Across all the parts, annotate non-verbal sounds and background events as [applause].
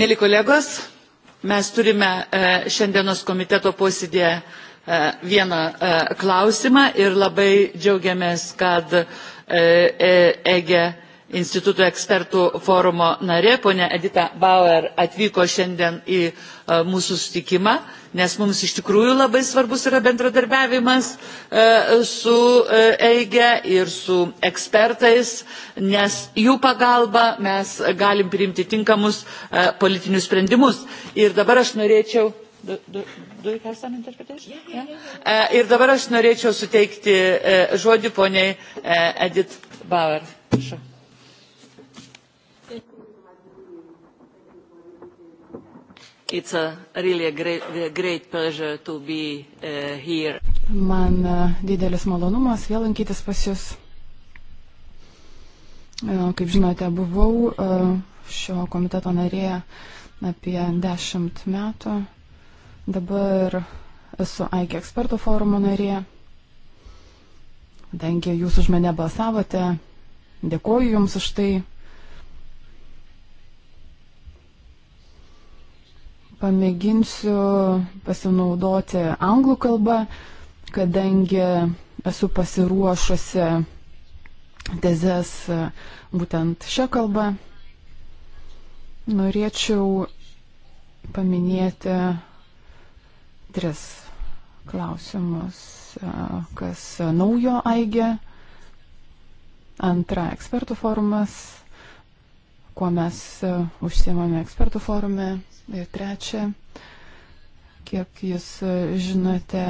Mėly kolegos, mes turime e, šiandienos komiteto posėdėje e, vieną e, klausimą ir labai džiaugiamės, kad EGE instituto ekspertų forumo narė ponia edita bauer atvyko šiandien į e, mūsų susitikimą nes mums iš tikrųjų labai svarbus yra bendradarbiavimas e, su e, eige ir su ekspertais nes jų pagalba mes galim priimti tinkamus politinius sprendimus. ir dabar aš norėčiau Do, do, do yeah, yeah, yeah. Ir dabar aš norėčiau suteikti žodį poniai Edith Bauer. Prašau. It's a really a great, a great pleasure to be uh, here. Man uh, didelis malonumas vėl lankytis pas Jūs. Uh, kaip žinote, buvau uh, šio komiteto narė apie dešimt metų. Dabar esu AIG ekspertų forumo narė. Kadangi Jūs už mane balsavote, dėkoju Jums už tai. pamėginsiu pasinaudoti anglų kalbą, kadangi esu pasiruošusi tezes e, būtent šią kalbą. Norėčiau paminėti tris klausimus. E, kas naujo aigė? Antra, ekspertų forumas kuo mes e, užsiemame ekspertų forume. Ir trečia, kiek jūs e, žinote,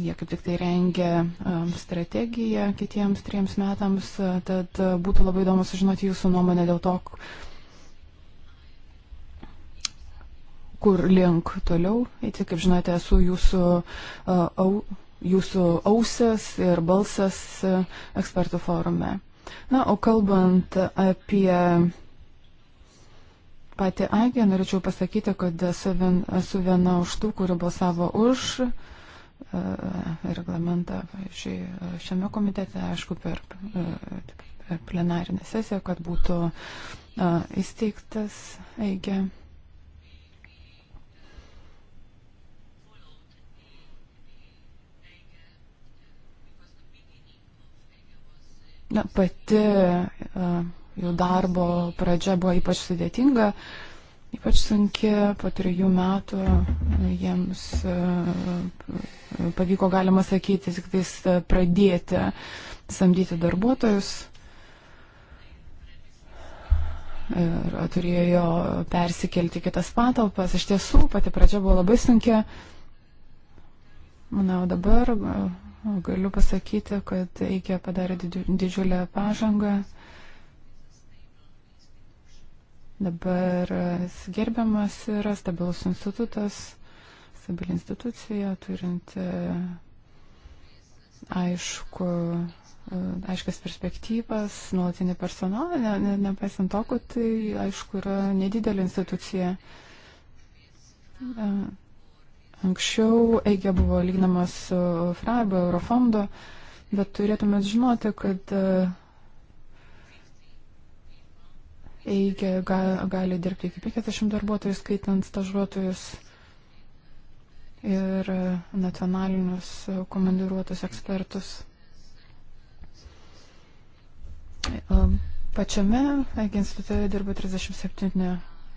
jie kaip tik tai rengia e, strategiją kitiems triems metams, tad būtų labai įdomu sužinoti jūsų nuomonę dėl to, kur link toliau. Įti, kaip žinote, esu jūsų, au, jūsų ausis ir balsas ekspertų forume. Na, o kalbant apie patį Aigę, norėčiau pasakyti, kad esu, vien, esu viena už tų, kuri balsavo už e, reglamentą ši, šiame komitete, aišku, per, e, per plenarinę sesiją, kad būtų e, įsteigtas Aigė. Na, pati jų darbo pradžia buvo ypač sudėtinga, ypač sunki, po trijų metų jiems pavyko, galima sakyti, tik tais pradėti samdyti darbuotojus. Ir turėjo persikelti kitas patalpas. Iš tiesų, pati pradžia buvo labai sunkia. Na, o dabar e, galiu pasakyti, kad Eikė padarė didžiulę pažangą. Dabar e, gerbiamas yra stabilus institutas, stabili institucija, turinti e, aišku, aiškas perspektyvas, nuolatinį personalą, ne, ne, nepaisant to, kad tai, aišku, yra nedidelė institucija. Anksčiau Eikė buvo lyginamas su FRAB, Eurofondo, bet turėtumėt žinoti, kad e, Eikė gali dirbti iki 50 darbuotojų, skaitant stažuotojus ir nacionalinius komandiruotus ekspertus. E, pačiame institute dirba 37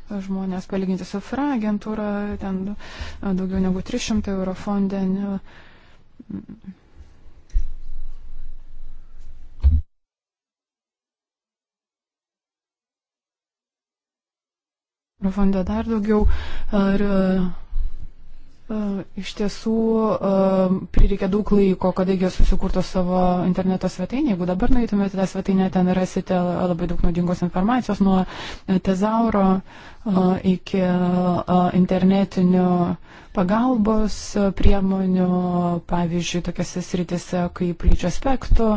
žmonės palyginti su FRA agentūra, ten daugiau negu 300 euro fonde. Fonde dar daugiau. Ar, E, iš tiesų, e, prireikė daug laiko, kadangi jos susikurto savo interneto svetainę. Jeigu dabar nueitumėte tą svetainę, ten rasite labai daug naudingos informacijos nuo e, tezauro iki internetinių pagalbos priemonių, pavyzdžiui, tokiose sritise kaip lyčių aspektų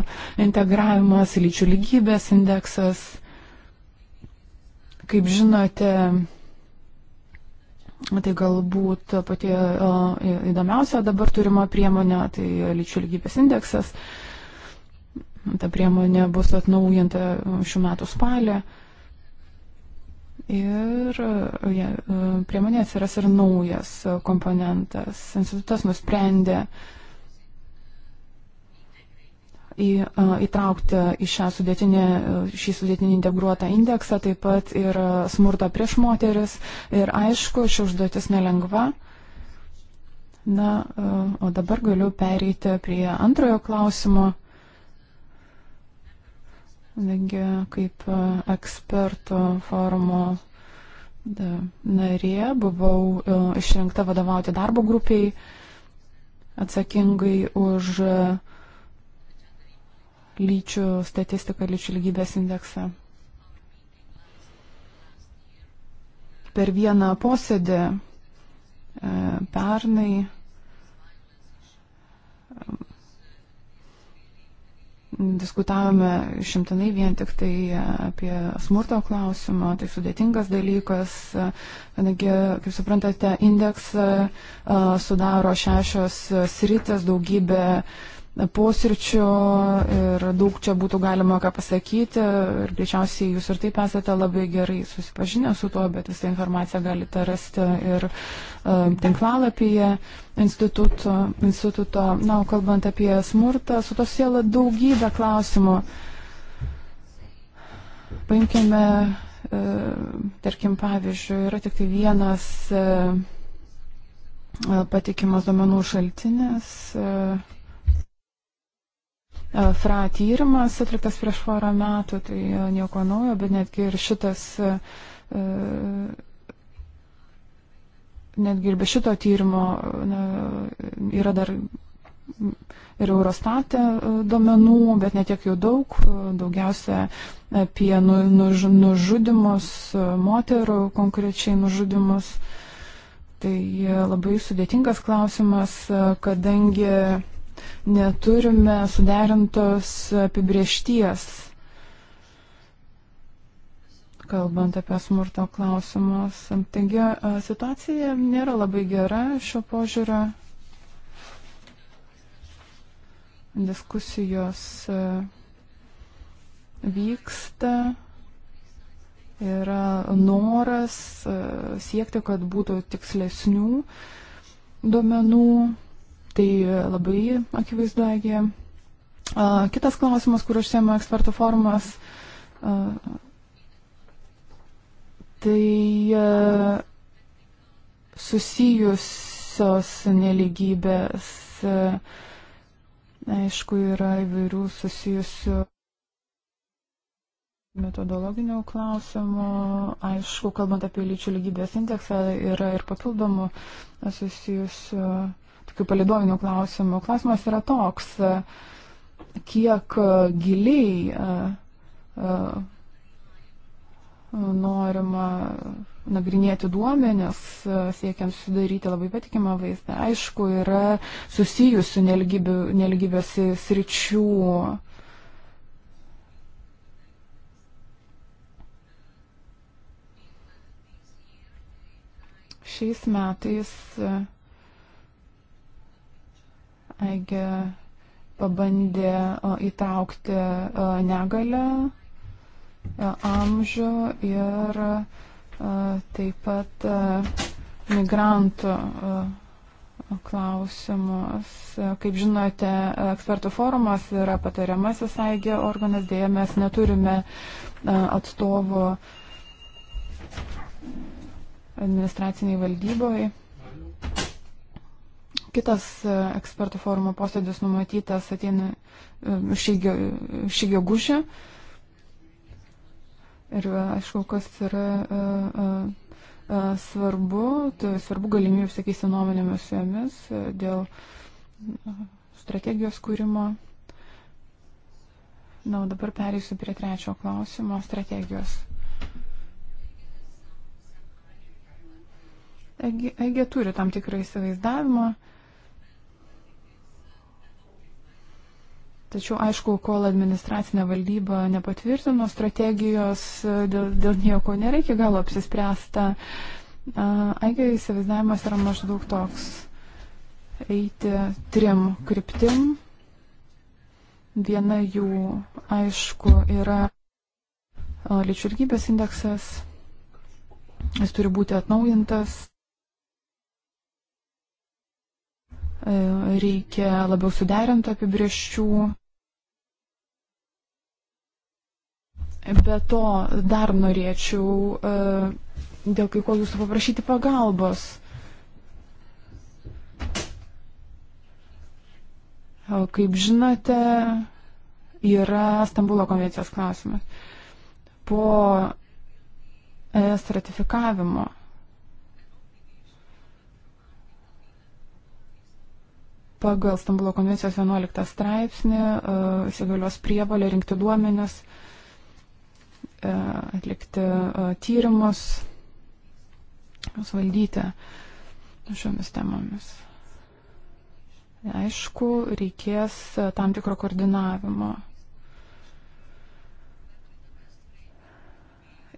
integravimas, lyčių lygybės indeksas. Kaip žinote, Tai galbūt pati įdomiausia dabar turima priemonė, tai lyčių lygybės indeksas. Ta priemonė bus atnaujinta šių metų spalį. Ir ja, priemonė atsiras ir naujas komponentas. Institutas nusprendė uh, į, įtraukti į šią sudėtinį, šį sudėtinį integruotą indeksą, taip pat ir smurto prieš moteris. Ir aišku, ši užduotis nelengva. Na, o dabar galiu pereiti prie antrojo klausimo. Taigi, kaip ekspertų forumo narė, buvau išrinkta vadovauti darbo grupiai atsakingai už uh, lyčių statistiką, lyčių lygybės indeksą. Per vieną posėdį e, pernai e, diskutavome šimtinai vien tik tai apie smurto klausimą, tai sudėtingas dalykas, kadangi, kaip suprantate, indeksą e, sudaro šešios sritis, daugybė uh, posirčių ir daug čia būtų galima ką pasakyti ir greičiausiai jūs ir taip esate labai gerai susipažinę su tuo, bet visą informaciją galite rasti ir uh, tinklalapyje instituto, instituto. Na, o kalbant apie smurtą, su to siela daugybė klausimų. Paimkime, uh, tarkim, pavyzdžiui, yra tik tai vienas uh, patikimas domenų šaltinis. Uh, E, FRA tyrimas atliktas prieš porą metų, tai e, nieko naujo, bet netgi ir šitas, e, netgi ir be šito tyrimo na, yra dar ir Eurostatė domenų, bet netiek jau daug, daugiausia apie nu, nuž, nužudimus, moterų konkrečiai nužudimus. Tai labai sudėtingas klausimas, kadangi neturime suderintos apibriešties, kalbant apie smurto klausimus. Taigi situacija nėra labai gera šio požiūrio. Diskusijos vyksta yra noras siekti, kad būtų tikslesnių duomenų Tai labai akivaizdu, jie. Kitas klausimas, kur užsiema ekspertų forumas, tai susijusios neligybės, aišku, yra įvairių susijusių metodologinių klausimų. Aišku, kalbant apie lyčių lygybės indeksą, yra ir papildomų susijusių tokių palidovinių klausimų. Klausimas yra toks, kiek giliai e, e, norima nagrinėti duomenis, e, siekiant sudaryti labai patikimą vaizdą. Aišku, yra susijusių neligybės sričių. Šiais metais EG pabandė įtraukti negalę, e, amžių ir e, taip pat e, migrantų klausimus. Kaip žinote, ekspertų forumas yra patariamasis AIG organas, dėja mes neturime atstovų administraciniai valdyboje. Kitas e, ekspertų forumo posėdis numatytas ateina e, šį gegužę. Ir e, aišku, kas yra a, a, a, svarbu, tai svarbu galimybė, sakysi, nuomonėmis su jomis dėl strategijos kūrimo. Na, o dabar pereisiu prie trečio klausimo - strategijos. Egė turi tam tikrą įsivaizdavimą Tačiau, aišku, kol administracinė valdyba nepatvirtino strategijos, e, dėl, dėl nieko nėra iki galo apsispręsta. Aigio įsivaizdavimas yra maždaug toks - eiti trim kryptim. Viena jų, aišku, yra lyčių lygybės indeksas. Jis turi būti atnaujintas. E, reikia labiau suderintų apibrieščių. Be to, dar norėčiau e, dėl kai ko jūsų paprašyti pagalbos. E, kaip žinote, yra Stambulo konvencijos klausimas. Po ES ratifikavimo pagal Stambulo konvencijos 11 straipsnį e, įsigalios prievalė rinkti duomenis, e, atlikti e, tyrimus, juos valdyti šiomis temomis. Aišku, reikės tam tikro koordinavimo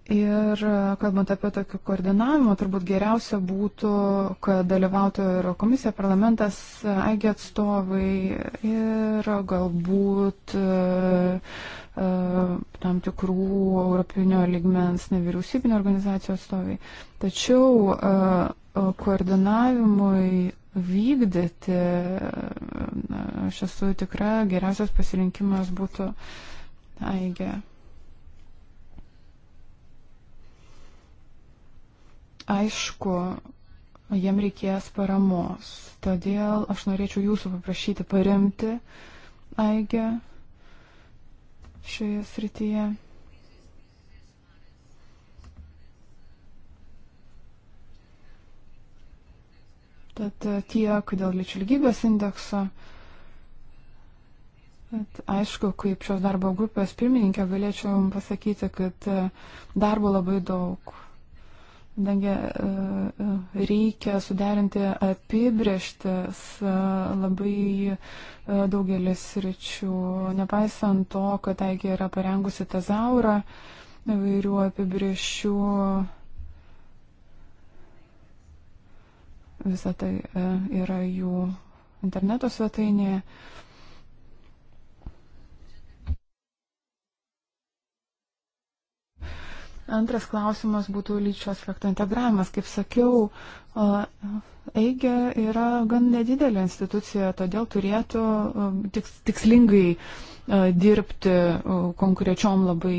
Ir e, kalbant apie tokį koordinavimą, turbūt geriausia būtų, kad dalyvautų ir komisija, parlamentas, AIG e, atstovai ir galbūt e, tam tikrų europinio ligmens nevyriausybinio organizacijos atstovai. Tačiau koordinavimui vykdyti, aš esu tikra, geriausias pasirinkimas būtų AIG. Aišku, jiem reikės paramos. Todėl aš norėčiau jūsų paprašyti paremti Aigę šioje srityje. Tad tiek dėl lyčių lygybės indekso. Bet aišku, kaip šios darbo grupės pirmininkė galėčiau pasakyti, kad darbo labai daug. Kadangi e, e, reikia suderinti apibrieštis e, labai daugelis ryčių, nepaisant to, kad taigi yra parengusi tezaurą įvairių apibriešių. Visą tai yra jų interneto svetainėje. Antras klausimas būtų lyčio aspekto integravimas. Kaip sakiau, EIGE yra gan nedidelė institucija, todėl turėtų tiks, tikslingai dirbti konkrečiom labai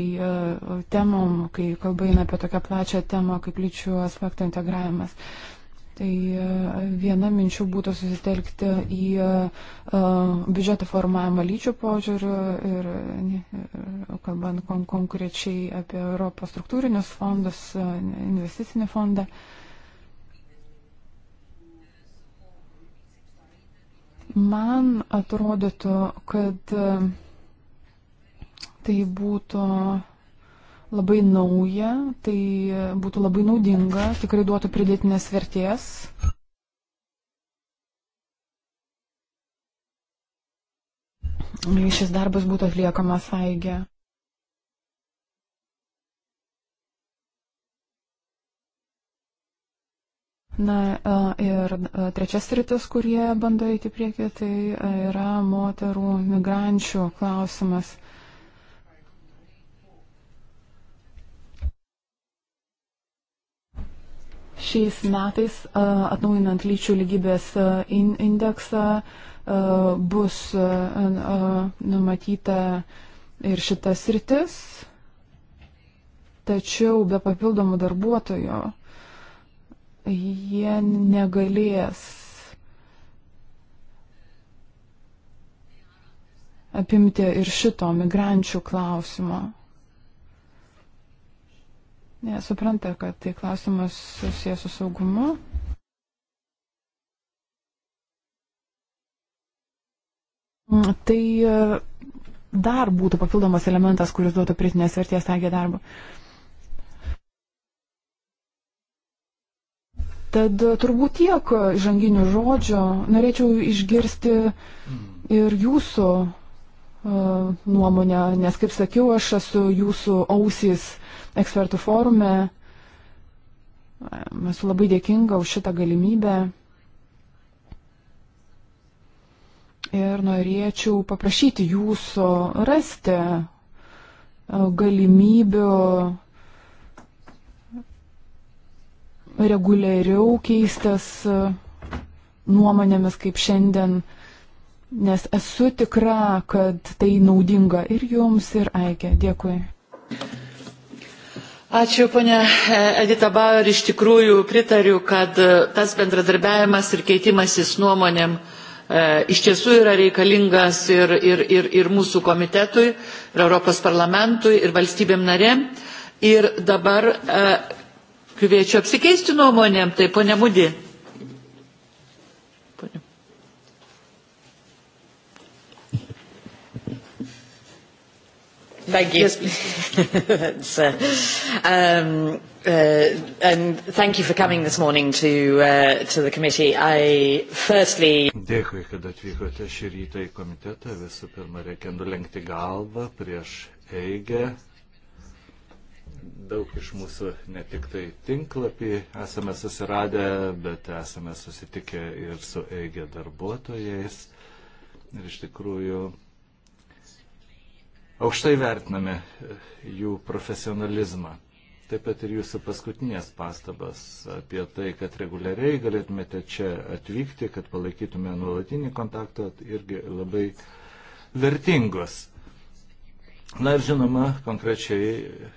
temom, kai kalba eina apie tokią plačią temą kaip lyčių aspekto integravimas. Tai e, viena minčių būtų susitelkti į e, biudžeto formavimą lyčių požiūrių ir, ir kalbant kon konkrečiai apie Europos struktūrinius fondus, e, investicinį fondą. Man atrodytų, kad tai būtų labai nauja, tai būtų labai naudinga, tikrai duotų pridėtinės vertės. Šis darbas būtų atliekamas aigė. Na ir trečias rytis, kurie bando įti priekį, tai yra moterų migrančių klausimas. šiais metais, atnaujinant lyčių lygybės indeksą, bus numatyta ir šitas rytis, tačiau be papildomų darbuotojų jie negalės apimti ir šito migrančių klausimo nesupranta, kad tai klausimas susijęs su saugumu. Mm, tai e, dar būtų papildomas elementas, kuris duotų pritinės vertės tagė darbą. Tad e, turbūt tiek žanginių žodžio. Norėčiau išgirsti ir jūsų uh, nuomonę, nes, kaip sakiau, aš esu jūsų ausys ekspertų forume. Esu labai dėkinga už šitą galimybę. Ir norėčiau paprašyti jūsų rasti e, galimybių reguliariau keistas e, nuomonėmis kaip šiandien, nes esu tikra, kad tai naudinga ir jums, ir Aikė. Dėkui. Ačiū, ponia e, Edita Bauer. Iš tikrųjų pritariu, kad e, tas bendradarbiavimas ir keitimasis nuomonėm e, iš tiesų yra reikalingas ir, ir, ir, ir mūsų komitetui, ir Europos parlamentui, ir valstybėm narėm. Ir dabar kviečiu apsikeisti nuomonėm, tai ponia Mudi. Thank you. Yes, please. [laughs] uh, um, uh, and thank you for coming this morning to, uh, to the committee. I firstly... Dėkui, kad atvykote šį rytą į komitetą. Visų pirma, reikia nulenkti galvą prieš eigę. Daug iš mūsų ne tik tai tinklapį esame susiradę, bet esame susitikę ir su eigė darbuotojais. Ir iš tikrųjų aukštai vertiname e, jų profesionalizmą. Taip pat ir jūsų paskutinės pastabas apie tai, kad reguliariai galėtumėte čia atvykti, kad palaikytume nuolatinį kontaktą, irgi labai vertingos. Na ir žinoma, konkrečiai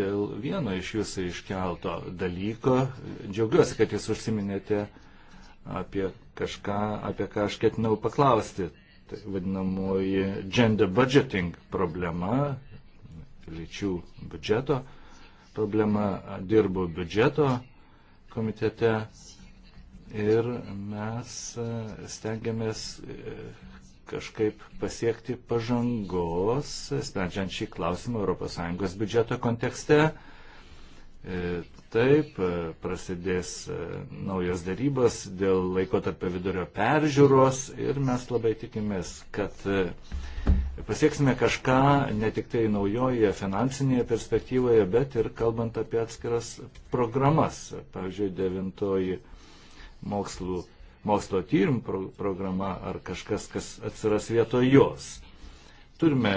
dėl vieno iš jūsų iškelto dalyko, džiaugiuosi, kad jūs užsiminėte apie kažką, apie ką aš ketinau paklausti tai vadinamoji gender budgeting problema, lyčių biudžeto problema, dirbu biudžeto komitete ir mes e, stengiamės e, kažkaip pasiekti pažangos, sprendžiant šį klausimą ES biudžeto kontekste. E, taip, e, prasidės e, naujos darybos dėl laiko tarp vidurio peržiūros ir mes labai tikimės, kad pasieksime kažką ne tik tai naujoje finansinėje perspektyvoje, bet ir kalbant apie atskiras programas. Pavyzdžiui, devintoji mokslų, mokslo tyrimų pro, programa ar kažkas, kas atsiras vietoj jos. Turime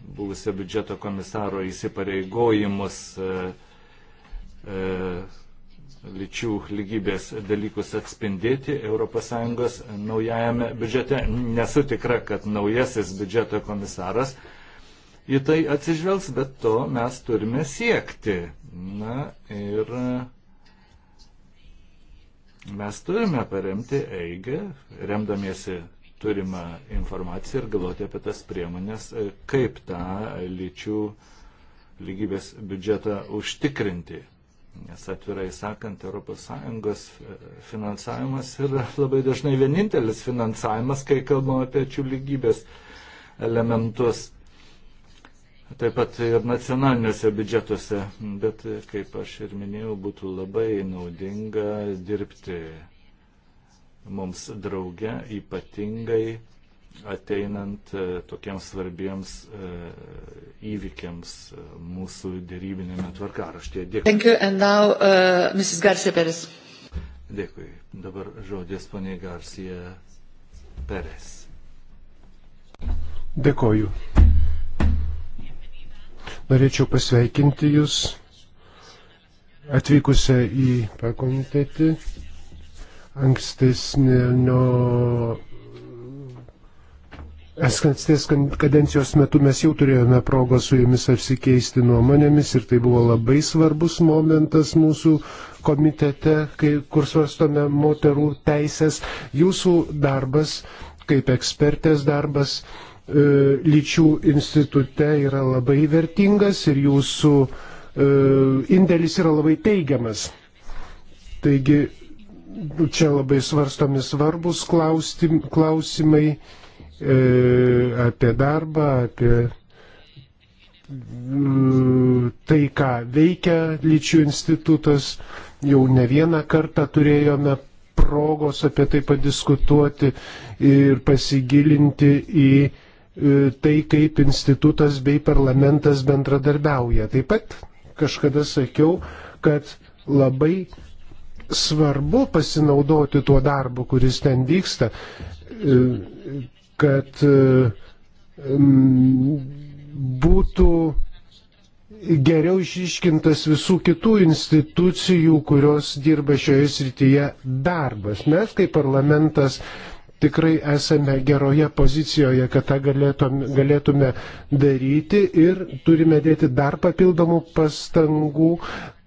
buvusio biudžeto komisaro įsipareigojimus. E, E, lyčių lygybės dalykus atspindėti ES naujajame biudžete. Nesu tikra, kad naujasis biudžeto komisaras į tai atsižvelgs, bet to mes turime siekti. Na ir mes turime paremti eigę, remdamiesi turimą informaciją ir galvoti apie tas priemonės, e, kaip tą lyčių lygybės biudžetą užtikrinti. Nes atvirai sakant, ES e, finansavimas yra labai dažnai vienintelis finansavimas, kai kalbame apie čių lygybės elementus. Taip pat ir nacionaliniuose biudžetuose, bet e, kaip aš ir minėjau, būtų labai naudinga dirbti mums drauge ypatingai ateinant e, tokiems svarbiems e, įvykiams e, mūsų dėrybinėme tvarkaraštėje. Dėkui. Thank you, and now, uh, Mrs. Garcia Perez. Dėkui. Dabar žodis poniai Garcia Perez. Dėkoju. Norėčiau pasveikinti Jūs atvykusią į pakomitetį ankstesnio Askanstės kadencijos metu mes jau turėjome progą su jumis apsikeisti nuomonėmis ir tai buvo labai svarbus momentas mūsų komitete, kai, kur svarstome moterų teisės. Jūsų darbas, kaip ekspertės darbas e, lyčių institute yra labai vertingas ir jūsų e, indėlis yra labai teigiamas. Taigi čia labai svarstomi svarbus klausim, klausimai E, apie darbą, apie mm, tai, ką veikia lyčių institutas. Jau ne vieną kartą turėjome progos apie tai padiskutuoti ir pasigilinti į e, tai, kaip institutas bei parlamentas bendradarbiauja. Taip pat kažkada sakiau, kad labai svarbu pasinaudoti tuo darbu, kuris ten vyksta. E, kad e, būtų geriau išryškintas visų kitų institucijų, kurios dirba šioje srityje darbas. Mes kaip parlamentas tikrai esame geroje pozicijoje, kad tą galėtume, galėtume daryti ir turime dėti dar papildomų pastangų,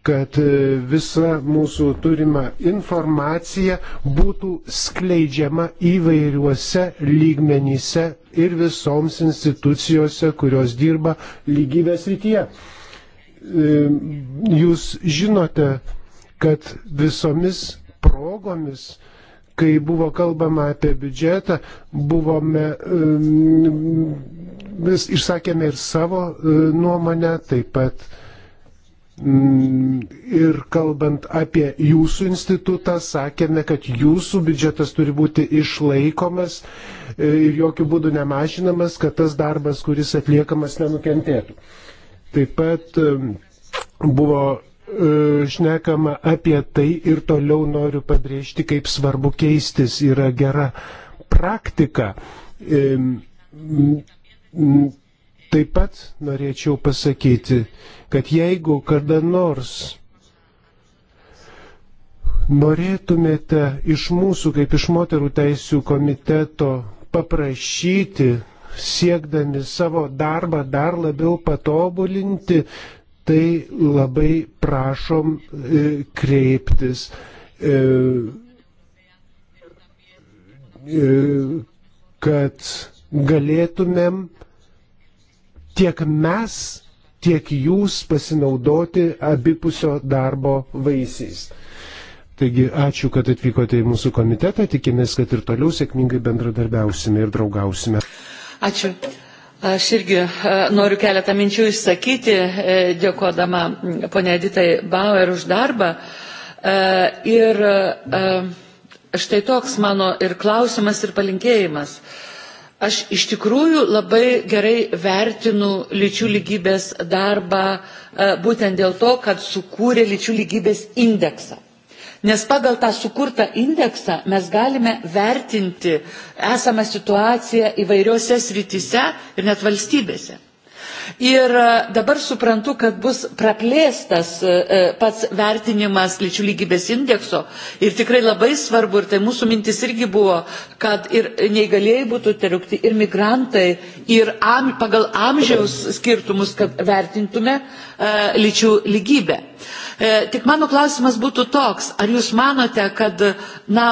kad e, visa mūsų turima informacija būtų skleidžiama įvairiuose lygmenyse ir visoms institucijose, kurios dirba lygybės rytyje. E, jūs žinote, kad visomis progomis kai buvo kalbama apie biudžetą, buvome, e, mes išsakėme ir savo nuomonę, taip pat Mm, ir kalbant apie jūsų institutą, sakėme, kad jūsų biudžetas turi būti išlaikomas e, ir jokių būdų nemažinamas, kad tas darbas, kuris atliekamas, nenukentėtų. Taip pat e, buvo e, šnekama apie tai ir toliau noriu pabrėžti, kaip svarbu keistis yra gera praktika. Taip pat norėčiau pasakyti, kad jeigu kada nors norėtumėte iš mūsų, kaip iš moterų teisų komiteto, paprašyti, siekdami savo darbą dar labiau patobulinti, tai labai prašom e, kreiptis. E, e, kad galėtumėm tiek mes tiek jūs pasinaudoti abipusio darbo vaisiais. Taigi ačiū, kad atvykote į mūsų komitetą, tikimės, kad ir toliau sėkmingai bendradarbiausime ir draugausime. Ačiū. Aš irgi e, noriu keletą minčių išsakyti, e, dėkodama ponė Editai Bauer už darbą. E, ir štai toks mano ir klausimas, ir palinkėjimas. Aš iš tikrųjų labai gerai vertinu lyčių lygybės darbą e, būtent dėl to, kad sukūrė lyčių lygybės indeksą. Nes pagal tą sukurtą indeksą mes galime vertinti esamą situaciją įvairiose srityse ir net valstybėse. Ir e, dabar suprantu, kad bus praplėstas e, e, pats vertinimas lyčių lygybės indekso ir tikrai labai svarbu, ir tai mūsų mintis irgi buvo, kad ir neįgalėjai būtų terukti, ir migrantai, ir am, pagal amžiaus skirtumus, kad vertintume lyčių lygybę. Tik mano klausimas būtų toks, ar jūs manote, kad, na,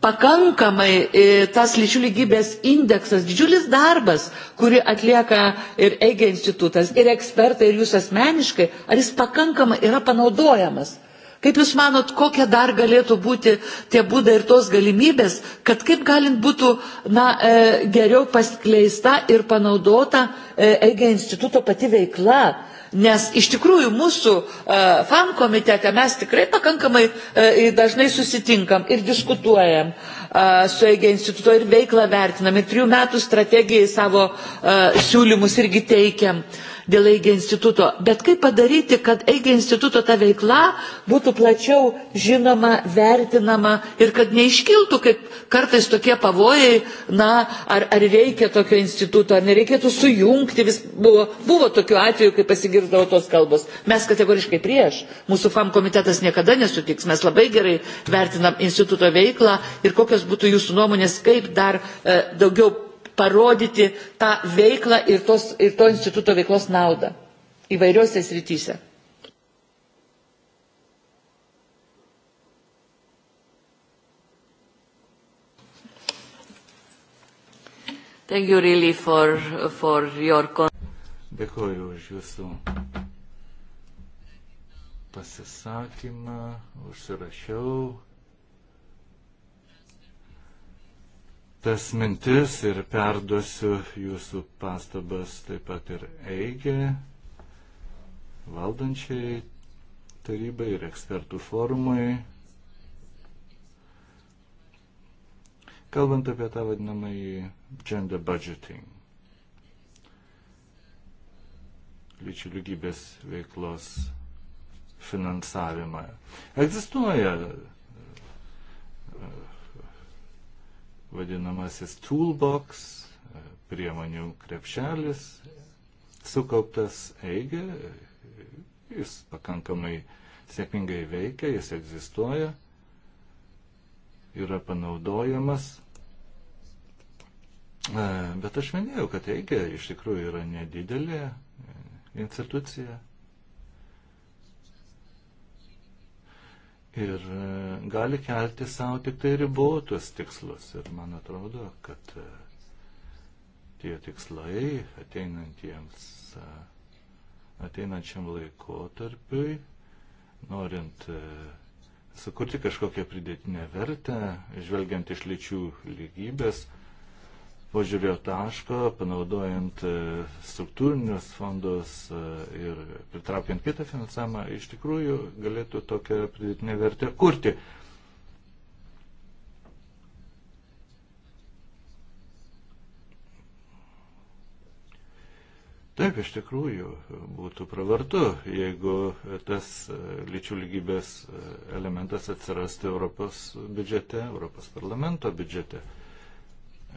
pakankamai e, tas lyčių lygybės indeksas, didžiulis darbas, kurį atlieka ir EIGE institutas, ir ekspertai, ir jūs asmeniškai, ar jis pakankamai yra panaudojamas? Kaip Jūs manot, kokie dar galėtų būti tie būdai ir tos galimybės, kad kaip galint būtų na, e, geriau paskleista ir panaudota e, EIGE instituto pati veikla, Nes iš tikrųjų mūsų e, FAM komitete mes tikrai pakankamai e, dažnai susitinkam ir diskutuojam e, su EG instituto ir veiklą vertinam, ir trijų metų strategijai savo siūlymus irgi teikiam dėl EG instituto. Bet kaip padaryti, kad EG instituto ta veikla būtų plačiau žinoma, vertinama ir kad neiškiltų, kaip kartais tokie pavojai, na, ar, ar reikia tokio instituto, ar nereikėtų sujungti, vis buvo, buvo tokių atvejų, kai pasigirdo išgirsdavo tos kalbos. Mes kategoriškai prieš. Mūsų FAM komitetas niekada nesutiks. Mes labai gerai vertinam instituto veiklą ir kokios būtų jūsų nuomonės, kaip dar e, daugiau parodyti tą veiklą ir, tos, ir to instituto veiklos naudą įvairiuose srityse. Thank you really for, for your Dėkuoju už jūsų pasisakymą, užsirašiau tas mintis ir perduosiu jūsų pastabas taip pat ir Eigė, valdančiai tarybai ir ekspertų forumui. Kalbant apie tą vadinamąjį gender budgeting. lyčių lygybės veiklos finansavimą. Egzistuoja e, vadinamasis toolbox, e, priemonių krepšelis, sukauptas eigė, jis pakankamai sėkmingai veikia, jis egzistuoja, yra panaudojamas. E, bet aš minėjau, kad eigė iš tikrųjų yra nedidelė institucija. ir e, gali kelti savo tik tai ribotus tikslus. Ir man atrodo, kad e, tie tikslai ateinantiems, e, ateinančiam laikotarpiui, norint sukurti kažkokią pridėtinę vertę, žvelgiant iš lyčių lygybės požiūrio taško, panaudojant e, struktūrinius fondus e, ir pritraukiant kitą finansavimą, iš tikrųjų galėtų tokią pridėtinę vertę kurti. Taip, iš tikrųjų, būtų pravartu, jeigu tas e, lyčių lygybės elementas atsirastų Europos biudžete, Europos parlamento biudžete.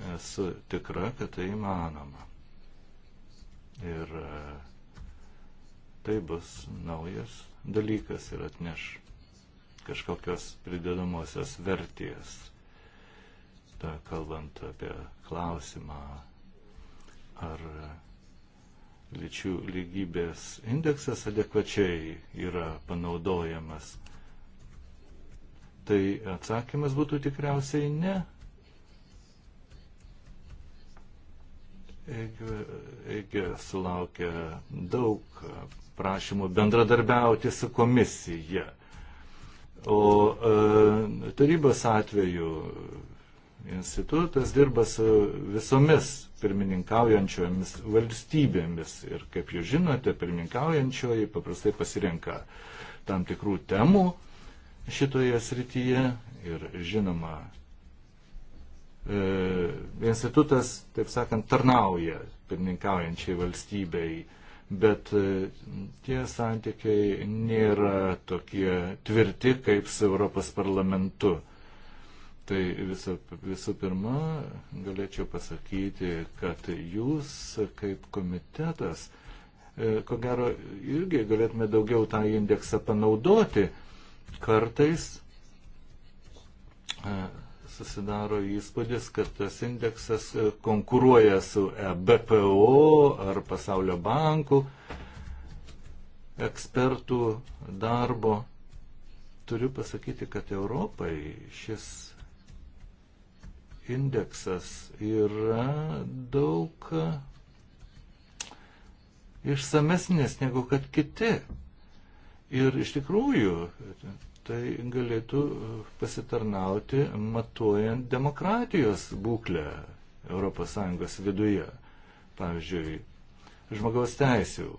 Esu tikra, kad tai įmanoma. Ir e, tai bus naujas dalykas ir atneš kažkokios pridedamosios vertės. Ta, kalbant apie klausimą, ar lyčių lygybės indeksas adekvačiai yra panaudojamas, tai atsakymas būtų tikriausiai ne, Egė sulaukė daug prašymų bendradarbiauti su komisija. O e, tarybos atveju institutas dirba su visomis pirmininkaujančiomis valstybėmis ir, kaip jūs žinote, pirmininkaujančioji paprastai pasirenka tam tikrų temų šitoje srityje ir, žinoma, E, institutas, taip sakant, tarnauja pirmininkaujančiai valstybei, bet e, tie santykiai nėra tokie tvirti kaip su Europos parlamentu. Tai visų, visų pirma, galėčiau pasakyti, kad jūs kaip komitetas, e, ko gero, irgi galėtume daugiau tą indeksą panaudoti. Kartais susidaro įspūdis, kad tas indeksas e, konkuruoja su e BPO ar Pasaulio bankų ekspertų darbo. Turiu pasakyti, kad Europai šis indeksas yra daug išsamesnės negu kad kiti. Ir iš tikrųjų tai galėtų e, pasitarnauti matuojant demokratijos būklę ES viduje. Pavyzdžiui, žmogaus teisėjų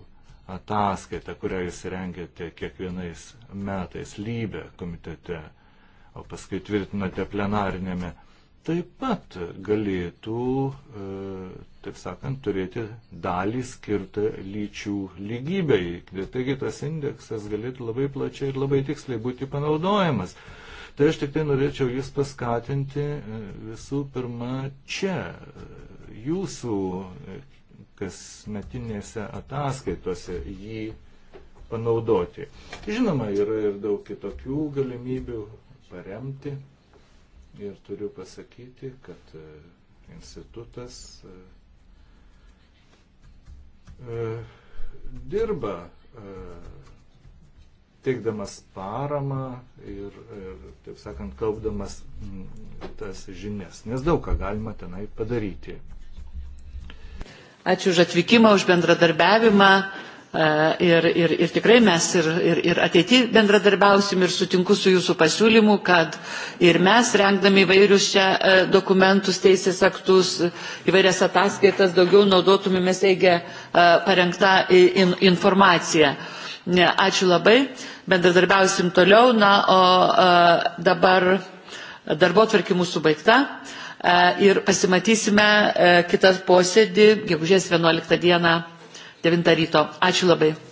ataskaita, kurią jūs rengiate kiekvienais metais lybę komitete, o paskui tvirtinate plenarinėme taip pat galėtų, e, taip sakant, turėti dalį skirtą lyčių lygybei. Taigi tas indeksas galėtų labai plačiai ir labai tiksliai būti panaudojamas. Tai aš tik tai norėčiau jūs paskatinti e, visų pirma čia, e, jūsų kasmetinėse ataskaitose jį panaudoti. Žinoma, yra ir daug kitokių galimybių paremti ir turiu pasakyti, kad e, institutas e, e, dirba teikdamas paramą ir, ir, taip sakant, kaupdamas tas žinias, nes daug ką galima tenai padaryti. Ačiū už atvykimą, už bendradarbiavimą. E, ir, ir, ir tikrai mes ir, ir, ir ateity bendradarbiausim ir sutinku su jūsų pasiūlymu, kad ir mes rengdami įvairius čia e, dokumentus, teisės aktus, įvairias ataskaitas daugiau naudotumėmės eigia e, parengta informacija. Ačiū labai, bendradarbiausim toliau, na, o dabar darbo tvarkį mūsų baigta ir pasimatysime kitą posėdį, gegužės 11 dieną. 9 ryto. Ačiū labai.